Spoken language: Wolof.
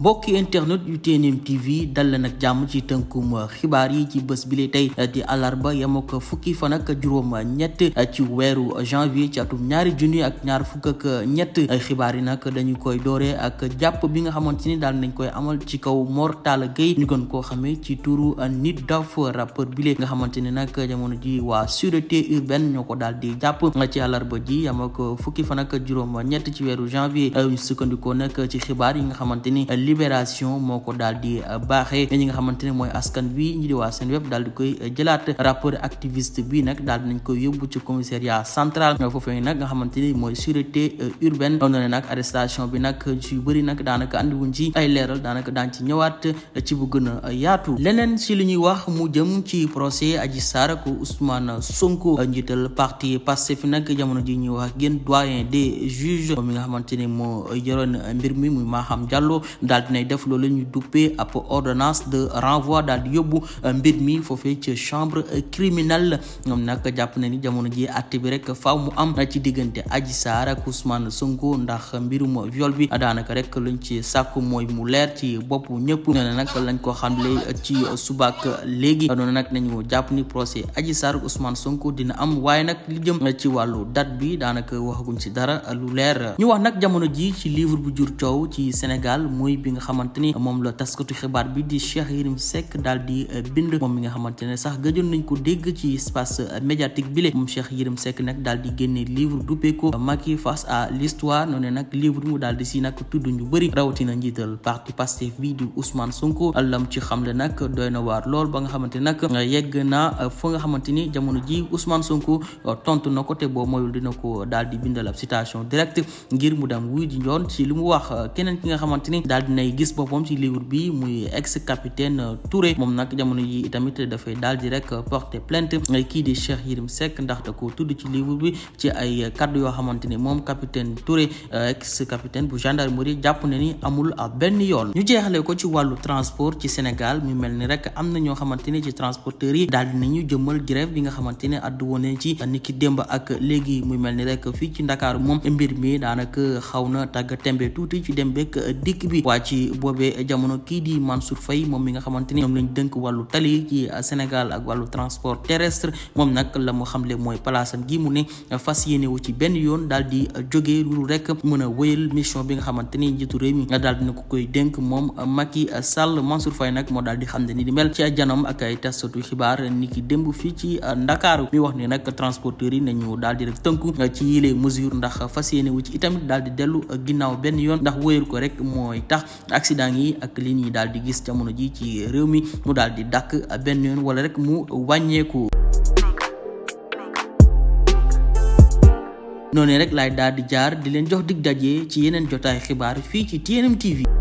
mbokki internet yu TNM TV dal la nag jàmm ci tënkum xibaar yi ci bés bile tey di àllarba yama ko fukki fa ak juróom ñett ci weeru janvier ci atum ñaari junni ak ñaar fukk ñett xibaar yi nag dañu koy dooree ak jàpp bi nga xamante ni daal nañ koy amal ci kaw Mor Talla ñu gën koo xamee ci turu Nit Doff rappeur bile nga xamante ni nag jamono ji waa sûreté urbaine ñoo ko daal di jàpp ci àllarba ji yama ko fukki fan ak juróom ñett ci weeru janvier ñu sukkandikoo nag ci xibaar yi nga xamante libération moo ko daal di euh, baaxee ñi nga xamante ne mooy askan bi ñi di waa seen web daal koy euh, jëlaat rapport activiste bi nag daal dinañ koy yóbbu ci commissariat central foofee nag nga xamante ni mooy sûreté euh, urbaine noonu ne nag arrestation bi nag ci bëri nag daanaka andiwuñ ci ay leeral daanaka daan ci ñëwaat ci bu gën a yaatu leneen si li ñuy wax mu jëm ci procès Adji Sarr ku Ousmane Sonko njiital parti Pastef nag jamono ji ñuy wax gën doyen des juges mi nga xamante daal dinay def loolu la ñu duppee ab ordonnance de renvoi daal di yóbbu euh, mbir mi foofee ca chambre criminelle ñoom nag jàpp na ni jamono ji àtte rek faaw mu am ci diggante Adji Sarr ak Ousmane Sonko ndax mbirum viol bi daanaka rek luñ ci sàkku mooy mu leer ci bopp ñëpp nee na nag lañ ko xamle ci subaak léegi noonu nag nañu jàpp ni procès Adji Sarr Ousmane Sonko dina am waaye nag li jëm ci wàllu date bi daanaka waxaguñ ci dara lu leer ñu wax nag jamono ji ci livre bu jur coow ci Sénégal muy bi bi nga xamante ni moom la taskatu xibaar bi di Cheikh Yérim Seck daal di eh, bind moom mi nga xamante sax gëjoon nañ ko dégg ci espace eh, médiatique bi moom Cheikh Yérim Seck nag daal di génne livre duppeeko Macky face à l'histoire noonu nag livre mu daal di si nag tudd ñu bëri rawatina njiital parti bi di Ousmane Sonko ba nga xamante ne nag eh, yegg na fu ni ji Ousmane Sonko tontu na ko te boo moyul dina ko daal di bindal ab citation direct ngir mu dem wuy ji njoon ci li mu wax keneen ki nga xamante ni nay gis boppam ci livre bi muy ex capitaine euh, Touré moom nag jamono yi itamit dafay daal di rek porter plainte kii di Cheikh Yérim Seck ndax da ko tudd ci livre bi ci ay kaddu yoo xamante ni moom capitaine Touré euh, ex capitaine bu gendarmerie jàpp na ni amul a benn yoon ñu jeexale ko ci wàllu transport ci Sénégal mu mel ni rek am na ñoo xamante ni ci transporteurs yi daal di nañu jëmmal grève bi nga xamante ne addu woon nañ ci ni ki démb ak léegi muy mel ni rek fii ci Ndakaaru moom mi daanaka xaw ci boobee jamono kii di Mansour fay moom mi nga xamante ni ñoom lañ dënk wàllu tali ci Sénégal ak wàllu transport terrestre moom nag la mu xamle mooy palaasam gi mu ne fas yéene wu ci benn yoon daal di jógee lu rek mën a wéyal mission bi nga xamante ni njiitu réew mi daal dina ko koy dénk moom mag Macky Sall Mansour Faye nag moo daal di xam ne ni di mel ci janoom ak ay testatu xibaar nit ki démb fii ci Ndakaaru mi wax ni nag transporteurs yi nañu daal di rek tënku ci yile mesure ndax fas yéene ci itamit daal di dellu ginnaaw benn yoon ndax wéyal ko rek mooy accident yi ak li ñuy daal di gis jamono ji ci réew mi mu daal di a benn yoon wala rek mu wàññeeku. noonu rek laay daal di jaar di leen jox dig daje ci yeneen jotaay xibaar fii ci TNM TV.